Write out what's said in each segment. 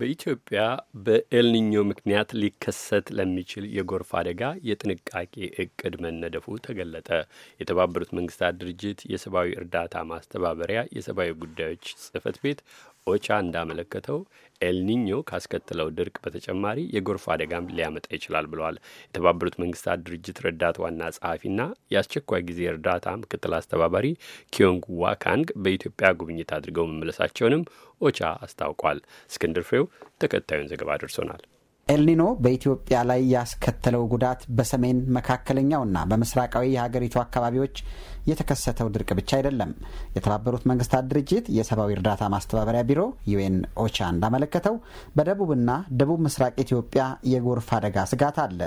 በኢትዮጵያ በኤልኒኞ ምክንያት ሊከሰት ለሚችል የጎርፍ አደጋ የጥንቃቄ እቅድ መነደፉ ተገለጠ። የተባበሩት መንግስታት ድርጅት የሰብአዊ እርዳታ ማስተባበሪያ የሰብአዊ ጉዳዮች ጽህፈት ቤት ኦቻ እንዳመለከተው ኤልኒኞ ካስከትለው ድርቅ በተጨማሪ የጎርፍ አደጋም ሊያመጣ ይችላል ብለዋል። የተባበሩት መንግስታት ድርጅት ረዳት ዋና ጸሐፊና የአስቸኳይ ጊዜ እርዳታ ምክትል አስተባባሪ ኪዮንግ ዋካንግ በኢትዮጵያ ጉብኝት አድርገው መመለሳቸውንም ኦቻ አስታውቋል። እስክንድር ፍሬው ተከታዩን ዘገባ ደርሶናል። ኤልኒኖ በኢትዮጵያ ላይ ያስከተለው ጉዳት በሰሜን መካከለኛውና በምስራቃዊ የሀገሪቱ አካባቢዎች የተከሰተው ድርቅ ብቻ አይደለም። የተባበሩት መንግስታት ድርጅት የሰብአዊ እርዳታ ማስተባበሪያ ቢሮ ዩኤን ኦቻ እንዳመለከተው በደቡብና ደቡብ ምስራቅ ኢትዮጵያ የጎርፍ አደጋ ስጋት አለ።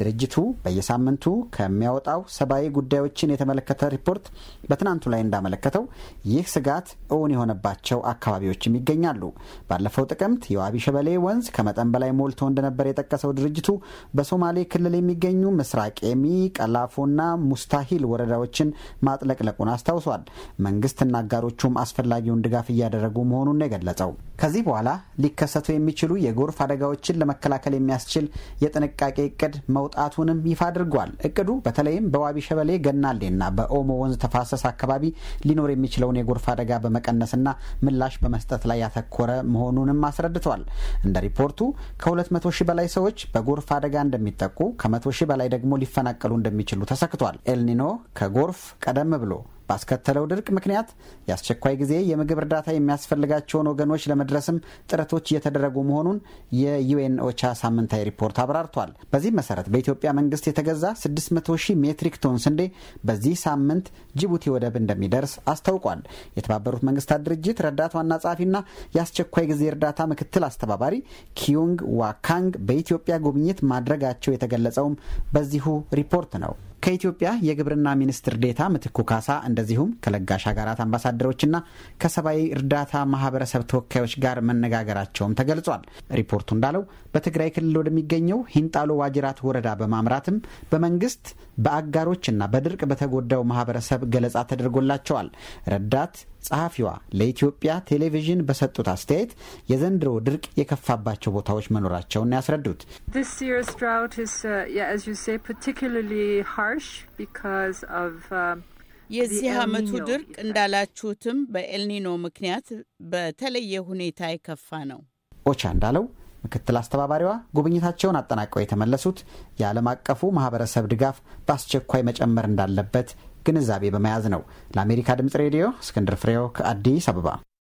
ድርጅቱ በየሳምንቱ ከሚያወጣው ሰብአዊ ጉዳዮችን የተመለከተ ሪፖርት በትናንቱ ላይ እንዳመለከተው ይህ ስጋት እውን የሆነባቸው አካባቢዎችም ይገኛሉ። ባለፈው ጥቅምት የዋቢ ሸበሌ ወንዝ ከመጠን በላይ ሞልቶ እንደነበር የጠቀሰው ድርጅቱ በሶማሌ ክልል የሚገኙ ምስራቅ ኤሚ፣ ቀላፎና ሙስታሂል ወረዳዎችን ማጥለቅለቁን አስታውሷል። መንግስትና አጋሮቹም አስፈላጊውን ድጋፍ እያደረጉ መሆኑን ነው የገለጸው። ከዚህ በኋላ ሊከሰቱ የሚችሉ የጎርፍ አደጋዎችን ለመከላከል የሚያስችል የጥንቃቄ እቅድ መውጣቱንም ይፋ አድርጓል። እቅዱ በተለይም በዋቢ ሸበሌ ገናሌና በኦሞ ወንዝ ተፋሰስ አካባቢ ሊኖር የሚችለውን የጎርፍ አደጋ በመቀነስና ምላሽ በመስጠት ላይ ያተኮረ መሆኑንም አስረድቷል። እንደ ሪፖርቱ ከ200 ሺህ በላይ ሰዎች በጎርፍ አደጋ እንደሚጠቁ ከመቶ ሺህ በላይ ደግሞ ሊፈናቀሉ እንደሚችሉ ተሰክቷል። ኤልኒኖ ከጎርፍ ቀደም ብሎ ባስከተለው ድርቅ ምክንያት የአስቸኳይ ጊዜ የምግብ እርዳታ የሚያስፈልጋቸውን ወገኖች ለመድረስም ጥረቶች እየተደረጉ መሆኑን የዩኤን ኦቻ ሳምንታዊ ሪፖርት አብራርቷል። በዚህ መሰረት በኢትዮጵያ መንግስት የተገዛ 600 ሺህ ሜትሪክ ቶን ስንዴ በዚህ ሳምንት ጅቡቲ ወደብ እንደሚደርስ አስታውቋል። የተባበሩት መንግስታት ድርጅት ረዳት ዋና ጸሐፊና የአስቸኳይ ጊዜ እርዳታ ምክትል አስተባባሪ ኪዩንግ ዋካንግ በኢትዮጵያ ጉብኝት ማድረጋቸው የተገለጸውም በዚሁ ሪፖርት ነው። ከኢትዮጵያ የግብርና ሚኒስትር ዴታ ምትኩ ካሳ እንደዚሁም ከለጋሽ ሀገራት አምባሳደሮችና ከሰብአዊ እርዳታ ማህበረሰብ ተወካዮች ጋር መነጋገራቸውም ተገልጿል። ሪፖርቱ እንዳለው በትግራይ ክልል ወደሚገኘው ሂንጣሎ ዋጅራት ወረዳ በማምራትም በመንግስት በአጋሮችና በድርቅ በተጎዳው ማህበረሰብ ገለጻ ተደርጎላቸዋል። ረዳት ጸሐፊዋ ለኢትዮጵያ ቴሌቪዥን በሰጡት አስተያየት የዘንድሮ ድርቅ የከፋባቸው ቦታዎች መኖራቸውን ያስረዱት uh, uh, የዚህ ዓመቱ ድርቅ እንዳላችሁትም በኤልኒኖ ምክንያት በተለየ ሁኔታ የከፋ ነው። ኦቻ እንዳለው ምክትል አስተባባሪዋ ጉብኝታቸውን አጠናቀው የተመለሱት የዓለም አቀፉ ማህበረሰብ ድጋፍ በአስቸኳይ መጨመር እንዳለበት ግንዛቤ በመያዝ ነው። ለአሜሪካ ድምጽ ሬዲዮ እስክንድር ፍሬው ከአዲስ አበባ